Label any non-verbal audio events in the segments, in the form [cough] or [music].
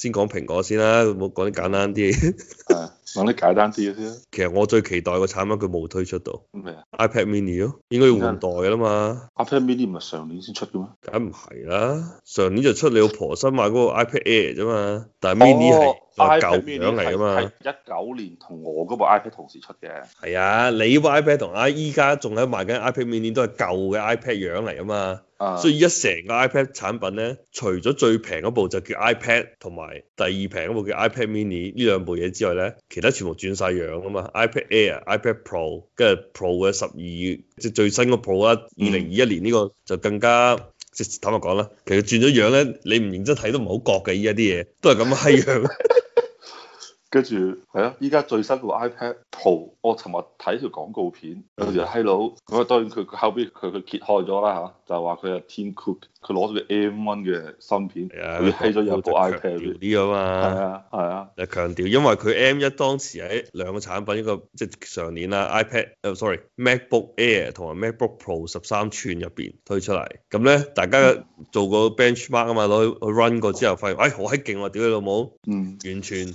先講蘋果先啦，唔好講啲簡單啲。 [laughs] 講啲簡單啲嘅先。其實我最期待個產品佢冇推出到。咩啊？iPad Mini 咯，應該要換代噶啦嘛。iPad Mini 唔係上年先出嘅咩？梗唔係啦，上年就出你老婆新買嗰個 iPad Air 啫嘛。但係 Mini 係舊樣嚟噶嘛？係一九年同我嗰部 iPad 同時出嘅。係啊，你部 iPad 同依家仲喺賣緊 iPad Mini 都係舊嘅 iPad 樣嚟啊嘛。啊。所以一成個 iPad 產品咧，除咗最平嗰部就叫 iPad，同埋第二平嗰部叫 iPad Mini 呢兩部嘢之外咧。其他全部轉晒樣啊嘛，iPad Air、iPad Pro，跟住 Pro 嘅十二即最新個 Pro 啊，二零二一年呢個就更加即、嗯、坦白講啦，其實轉咗樣咧，你唔認真睇都唔係好覺嘅依家啲嘢，都係咁嘅閪樣。 [laughs] [laughs] 跟住係啊！依家最新個 iPad Pro，我尋日睇條廣告片，有條閪佬咁啊。Hello，當然佢佢後邊佢佢揭開咗啦嚇，就話佢係 Tim Cook，佢攞咗個 M One 嘅芯片，佢閪咗有部 iPad 裏邊啊嘛。係啊係啊，誒、啊、強調，因為佢 M 一當時喺兩個產品，一個即係上年啦 iPad，誒 sorry MacBook Air 同埋 MacBook Pro 十三吋入邊推出嚟。咁咧大家做個 benchmark 啊嘛，攞去，去 run 過之後發現，誒、哎、好閪勁啊，屌你老母，完全。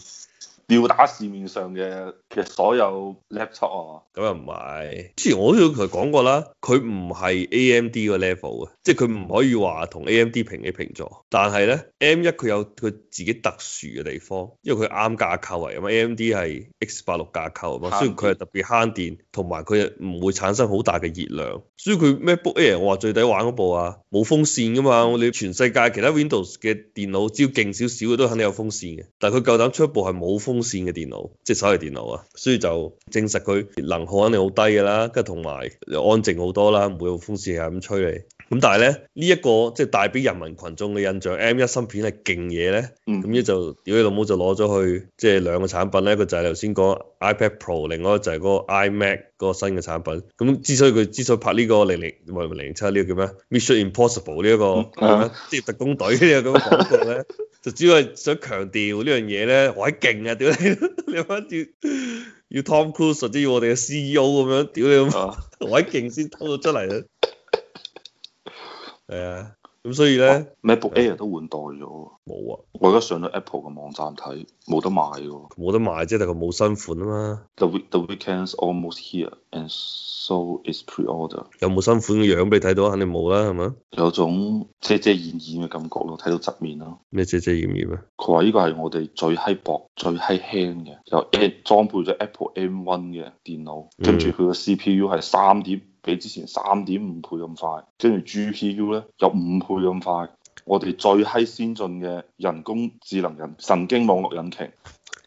吊打市面上嘅其實所有 laptop 啊，咁又唔係之前我都同佢講過啦，佢唔係 AMD 個 level 啊，即係佢唔可以話同 AMD 平起平坐。但係咧 M 一佢有佢自己特殊嘅地方，因為佢啱架構嚟，因為 AMD 係 X 八六架構啊嘛，定雖然佢係特別慳電同埋佢唔會產生好大嘅熱量。所以佢 MacBook Air 我話最抵玩嗰部啊，冇風扇噶嘛。我哋全世界其他 Windows 嘅電腦只要勁少少嘅都肯定有風扇嘅，但係佢夠膽出一部係冇風扇。線嘅電腦，即係手提電腦啊，所以就證實佢能耗肯定好低噶啦，跟住同埋又安靜好多啦，唔會有風扇係咁吹你。咁但係咧呢一個即係帶俾人民群眾嘅印象，M 一芯片係勁嘢咧。咁咧就屌你老母就攞咗去，即係兩個產品咧，一個就係頭先講 iPad Pro，另外就係嗰個 iMac 嗰個新嘅產品。咁之所以佢之所以拍呢個零零唔係零七呢個叫咩？Mission Impossible 呢一個職業特工隊呢個咁嘅廣告咧。就主要係想強調呢樣嘢咧，好鬼勁啊！屌你， [laughs] 你話要要 Tom Cruise，或者要我哋嘅 CEO 咁樣，屌你咁，好鬼勁先偷到出嚟 [laughs] 啊！係啊。咁所以咧，MacBook Air 都換代咗。冇啊，我而家上咗 Apple 嘅網站睇，冇得賣嘅。冇得賣啫，但係佢冇新款啊嘛。The weekends almost here and so is pre-order。有冇新款嘅樣俾你睇到？肯定冇啦，係咪？有種遮遮掩掩嘅感覺咯，睇到側面咯。咩遮遮掩掩？佢話呢個係我哋最閪薄、最閪輕嘅，有裝配咗 Apple M1 嘅電腦，嗯、跟住佢個 CPU 係三點。比之前三點五倍咁快，跟住 GPU 咧，有五倍咁快，我哋最嗨先進嘅人工智能人神經網絡引擎。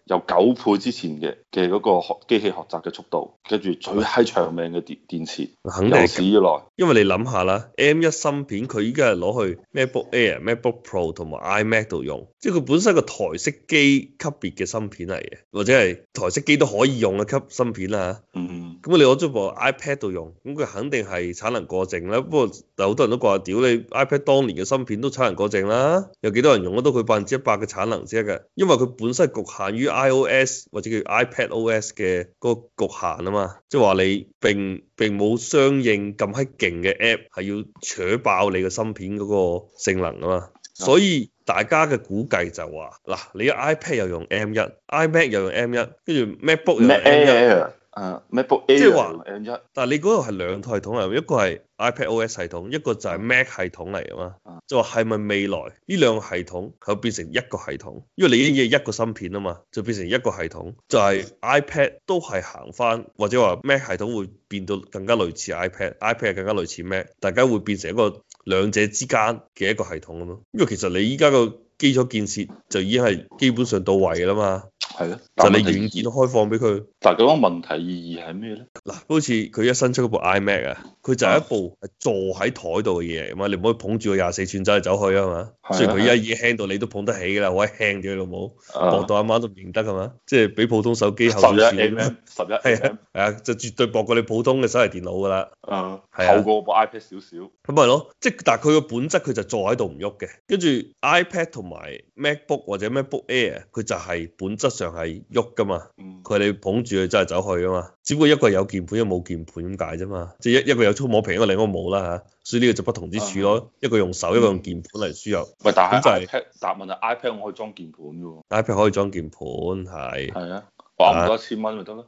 有九倍之前嘅嘅嗰個學機器學習嘅速度，跟住最閪長命嘅電電池，肯定史以來。因為你諗下啦，M 一芯片佢依家係攞去 MacBook Air、MacBook Pro 同埋 iMac 度用，即係佢本身個台式機級別嘅芯片嚟嘅，或者係台式機都可以用嘅級芯片啦嗯，嗯。咁你攞咗部 iPad 度用，咁佢肯定係產能過剩啦。不過好多人都話：屌你 iPad 當年嘅芯片都產能過剩啦，有幾多人用得到佢百分之一百嘅產能先嘅？因為佢本身係侷限於。iOS 或者叫 iPad OS 嘅嗰局限啊嘛，即係話你並並冇相應咁閪勁嘅 app 係要搶爆你嘅芯片嗰個性能啊嘛，所以大家嘅估計就話嗱，你 iPad 又用 M 一，iPad 又用 M 一，跟住 MacBook 又用 M 一。啊，MacBook Air，但係你嗰度係兩套系統嚟，一個係 iPad OS 系統，一個就係 Mac 系統嚟啊嘛。就話係咪未來呢兩個系統佢變成一個系統？因為你依家一個芯片啊嘛，就變成一個系統。就係、是、iPad 都係行翻，或者話 Mac 系統會變到更加類似 iPad，iPad 更加類似 Mac，大家會變成一個兩者之間嘅一個系統咁咯。因為其實你依家個基礎建設就已經係基本上到位噶啦嘛。係咯，但就你軟件都開放俾佢。但係咁樣問題意義係咩咧？嗱，好似佢一新出嗰部 iMac 啊，佢就係一部坐喺台度嘅嘢，嘛、啊、你唔可以捧住個廿四寸走嚟走去啊嘛。的雖然佢依家已經輕到你都捧得起噶啦，輕一輕嘅老母，薄、啊、到阿媽，媽都唔認得噶嘛。即係比普通手機厚少少咩？十一十一 M，係啊，就絕對薄過你普通嘅手提電腦噶啦。啊，係啊的，厚過部 iPad 少少。咁咪咯，即係但係佢個本質佢就坐喺度唔喐嘅，跟住 iPad 同埋 MacBook 或者 MacBook Air 佢就係本質上。就係喐噶嘛，佢哋捧住佢真係走去啊嘛，只不過一個有鍵盤，一個冇鍵盤咁解啫嘛，即係一一個有觸摸屏，一個另一個冇啦嚇，所以呢個就不同之處咯，一個用手，一個用鍵盤嚟輸入。咪但係 iPad 啊，iPad 我可以裝鍵盤噶喎。iPad 可以裝鍵盤，係。係啊。揞多一千蚊咪得咯，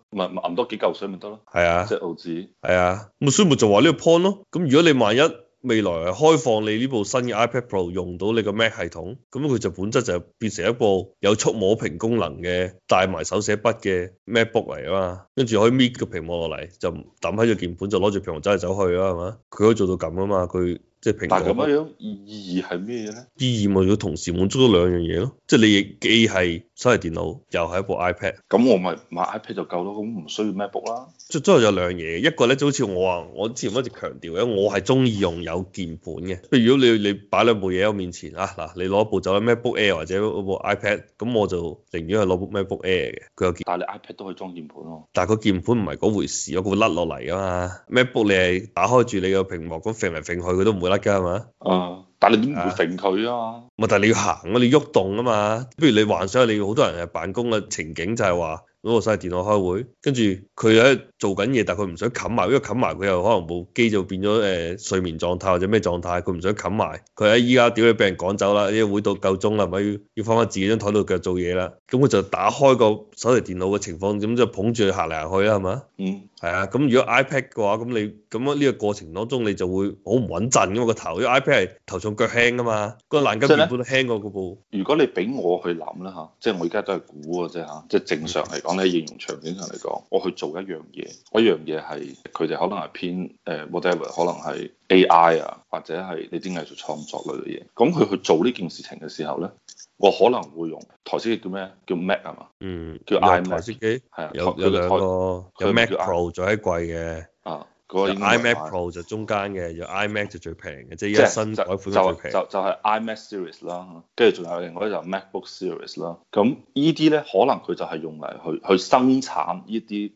唔多幾嚿水咪得咯。係啊。即係澳紙。係啊。咁所以咪就話呢個 point 咯，咁如果你萬一。未來係開放你呢部新嘅 iPad Pro 用到你個 Mac 系統，咁佢就本質就變成一部有觸摸屏功能嘅帶埋手寫筆嘅 MacBook 嚟啊嘛，跟住可以搣個屏幕落嚟就抌喺個鍵盤，就攞住屏幕走嚟走去啦，係嘛，佢可以做到咁啊嘛，佢。即係蘋果，但係咁樣樣意義係咩嘢咧？意義咪要同時滿足咗兩樣嘢咯，即係你亦既係手提電腦，又係一部 iPad。咁我咪買 iPad 就夠咯，咁唔需要 MacBook 啦。即係真係有兩樣嘢，一個咧就好似我話，我之前一直強調嘅，我係中意用有鍵盤嘅。譬如如果你你擺兩部嘢喺我面前啊嗱，你攞一部走咧 MacBook Air 或者嗰部 iPad，咁我就寧願係攞部 MacBook Air 嘅，佢有鍵盤。但你 iPad 都可以裝鍵盤咯。但係個鍵盤唔係嗰回事，佢會甩落嚟啊嘛。MacBook 你係打開住你個屏幕咁揈嚟揈去，佢都唔會。係嘛、啊？啊！但你點會停佢啊？咪但你要行啊！你喐動啊嘛。不如你幻想你好多人係辦公嘅情景，就係話攞個手提電腦開會，跟住佢喺做緊嘢，但佢唔想冚埋，因為冚埋佢又可能部機就變咗誒睡眠狀態或者咩狀態，佢唔想冚埋。佢喺依家屌你，俾人趕走啦！依個會到夠鐘啦，係咪要放翻自己張台度腳做嘢啦？咁佢就打開個手提電腦嘅情況，咁就捧住佢行嚟行去啦，係嘛？嗯。係啊，咁如果 iPad 嘅話，咁你咁樣呢個過程當中，你就會好唔穩陣噶嘛個頭，因為 iPad 係頭重腳輕噶嘛，個爛金本都輕過個部。如果你俾我去諗啦吓，即係我而家都係估嘅啫吓，即係正常嚟講咧，應用場景上嚟講，我去做一樣嘢，我一樣嘢係佢哋可能係偏誒、呃、whatever，可能係 AI 啊，或者係你啲藝術創作類嘅嘢。咁佢去做呢件事情嘅時候咧？我可能會用台式機叫咩？叫 Mac 啊嘛。嗯。叫 iMac。係啊。有有兩個，有 Mac Pro 仲最貴嘅。啊。個 iMac Pro 就中間嘅，有 iMac 就最平嘅，即係依新款就就就係 iMac Series 啦，跟住仲有另外就 MacBook Series 啦。咁依啲咧，可能佢就係用嚟去去生產呢啲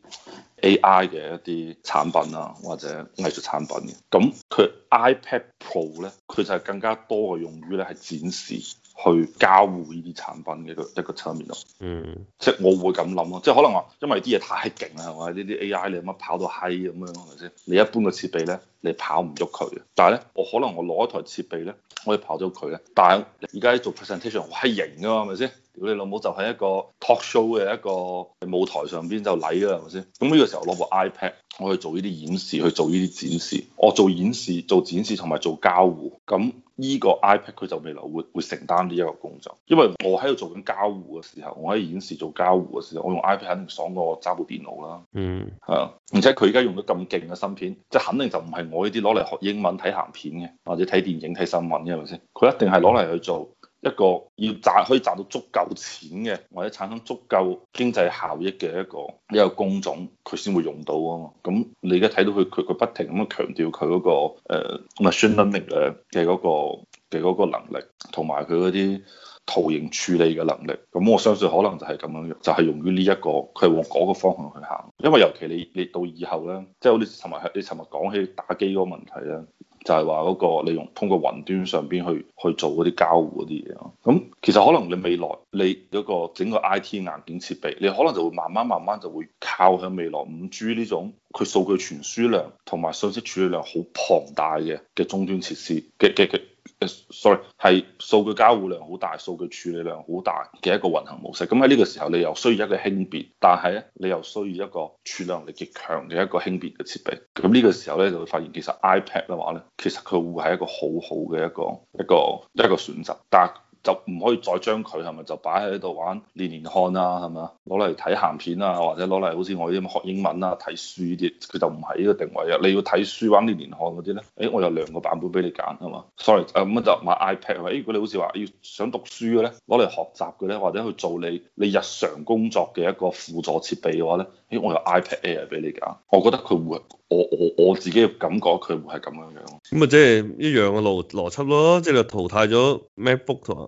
AI 嘅一啲產品啊，或者藝術產品嘅。咁佢 iPad Pro 咧，佢就係更加多嘅用於咧係展示。去交互呢啲產品嘅一個一個側面咯，嗯，即係我會咁諗咯，即係可能話因為啲嘢太勁啦，係咪？呢啲 A I 你乜跑到閪咁樣，係咪先？你一般嘅設備咧，你跑唔喐佢嘅。但係咧，我可能我攞一台設備咧，我可以跑咗佢咧。但係而家做 presentation 好閪型噶嘛，係咪先？屌你老母就喺一個 talk show 嘅一個舞台上邊就嚟㗎啦，係咪先？咁呢個時候攞部 iPad，我去做呢啲演示，去做呢啲展示，我做演示、做展示同埋做交互咁。依個 iPad 佢就未來會會承擔呢一個工作，因為我喺度做緊交互嘅時候，我喺度演示做交互嘅時候，我用 iPad 肯定爽過我揸部電腦啦。嗯，係啊，而且佢而家用咗咁勁嘅芯片，即係肯定就唔係我呢啲攞嚟學英文睇鹹片嘅，或者睇電影睇新聞嘅，係咪先？佢一定係攞嚟去做。一個要賺可以賺到足夠錢嘅，或者產生足夠經濟效益嘅一個一個工種，佢先會用到啊嘛。咁你而家睇到佢佢佢不停咁樣強調佢嗰、那個誒 machine learning 嘅嗰個嘅嗰個能力，同埋佢嗰啲圖形處理嘅能力。咁我相信可能就係咁樣，就係、是、用於呢、這、一個，佢往嗰個方向去行。因為尤其你你到以後咧，即、就、係、是、好似尋日你尋日講起打機嗰個問題咧。就係話嗰個你用通過雲端上邊去去做嗰啲交互嗰啲嘢咯，咁其實可能你未來你嗰個整個 I T 硬件設備，你可能就會慢慢慢慢就會靠向未來五 G 呢種佢數據傳輸量同埋信息處理量好龐大嘅嘅終端設施嘅嘅嘅。Sorry，係數據交互量好大，數據處理量好大嘅一個運行模式。咁喺呢個時候，你又需要一個輕便，但係咧，你又需要一個處理能力極強嘅一個輕便嘅設備。咁呢個時候咧，就會發現其實 iPad 嘅話咧，其實佢會係一個好好嘅一個一個一個選擇。但係，就唔可以再將佢係咪就擺喺度玩連連看啊，係咪啊？攞嚟睇鹹片啊，或者攞嚟好似我呢啲學英文啊、睇書啲，佢就唔係呢個定位啊。你要睇書玩連連看嗰啲咧，誒、欸，我有兩個版本俾你揀係嘛？Sorry，誒咁啊、嗯，就買 iPad 啊、欸。如果你好似話要想讀書嘅咧，攞嚟學習嘅咧，或者去做你你日常工作嘅一個輔助設備嘅話咧、欸，我有 iPad Air 俾你揀。我覺得佢會，我我我自己嘅感覺佢會係咁樣樣。咁咪即係一樣嘅邏邏輯咯，即、就、係、是、淘汰咗 MacBook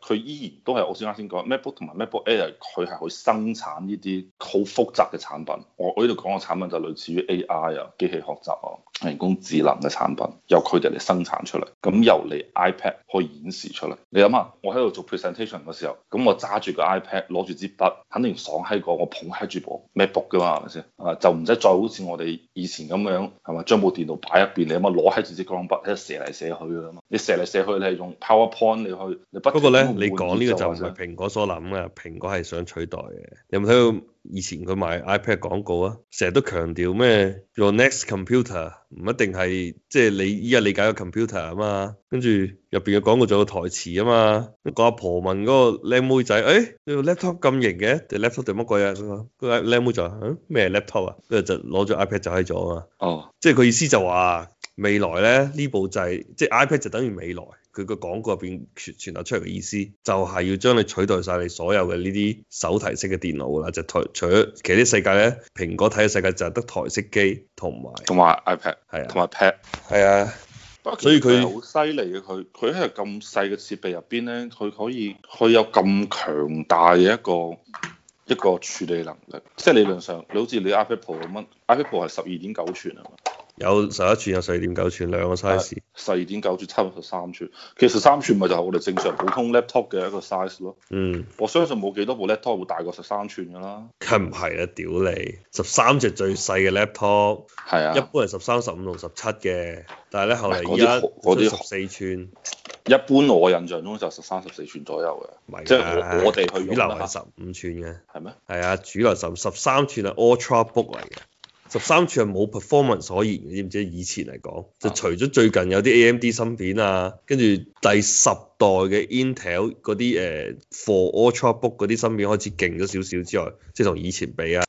佢依然都係我先啱先講，MacBook 同埋 MacBook Air 佢係去生產呢啲好複雜嘅產品。我我呢度講嘅產品就類似於 AI 啊、機器學習啊、人工智能嘅產品，由佢哋嚟生產出嚟，咁由嚟 iPad 去演示出嚟。你諗下，我喺度做 presentation 嘅時候，咁我揸住個 iPad，攞住支筆，肯定爽閪過我捧喺住部 MacBook 噶嘛，係咪先？啊，就唔使再好似我哋以前咁樣係咪將部電腦擺入邊，你咁啊攞喺住支鋼筆喺度射嚟射去㗎嘛。你射嚟射去，你係用 PowerPoint 你去，你不過咧。你講呢個就唔係蘋果所諗啊！蘋果係想取代嘅。有冇睇到以前佢賣 iPad 廣告啊？成日都強調咩 Your next computer 唔一定係即係你依家理解嘅 computer 啊嘛。跟住入邊嘅廣告仲有台詞啊嘛。個阿婆，婆問嗰個靚妹仔，誒、欸，你個 laptop 咁型嘅？台 laptop 做乜鬼啊？佢、那、話、個，靚妹就話，咩 laptop 啊？跟住、啊、就攞咗 iPad 就喺咗啊嘛。哦。Oh. 即係佢意思就話未來咧，呢部就係、是、即係 iPad 就等於未來。佢個廣告入邊傳傳達出嚟嘅意思，就係要將你取代晒你所有嘅呢啲手提式嘅電腦啦，就台除咗其實啲世界咧，蘋果睇嘅世界就係得台式機同埋同埋 iPad 係啊，同埋 pad 係啊，所以佢好犀利啊！佢佢喺個咁細嘅設備入邊咧，佢可以佢有咁強大嘅一個一個處理能力，即係理論上你好似你 Apple 乜 Apple 係十二點九寸啊嘛，R、吋有十一寸有十二點九寸兩個 size。十二點九至七十三寸，其實十三寸咪就係我哋正常普通 laptop 嘅一個 size 咯。嗯，我相信冇幾多部 laptop 會大過十三寸㗎啦。梗唔係啦？屌你，十三隻最細嘅 laptop，係啊，一般係十三、十五同十七嘅。但係咧，後嚟而家啲十四寸，一般我印象中就十三、十四寸左右嘅。咪即係我哋去主流係十五寸嘅，係咩嗎？係啊，主流十十三寸係 Ultrabook 嚟嘅。十三寸係冇 performance 可言的，你知唔知？以前嚟講，就除咗最近有啲 AMD 芯片啊，跟住第十代嘅 Intel 嗰啲誒、uh, For Ultrabook 嗰啲芯片開始勁咗少少之外，即係同以前比啊。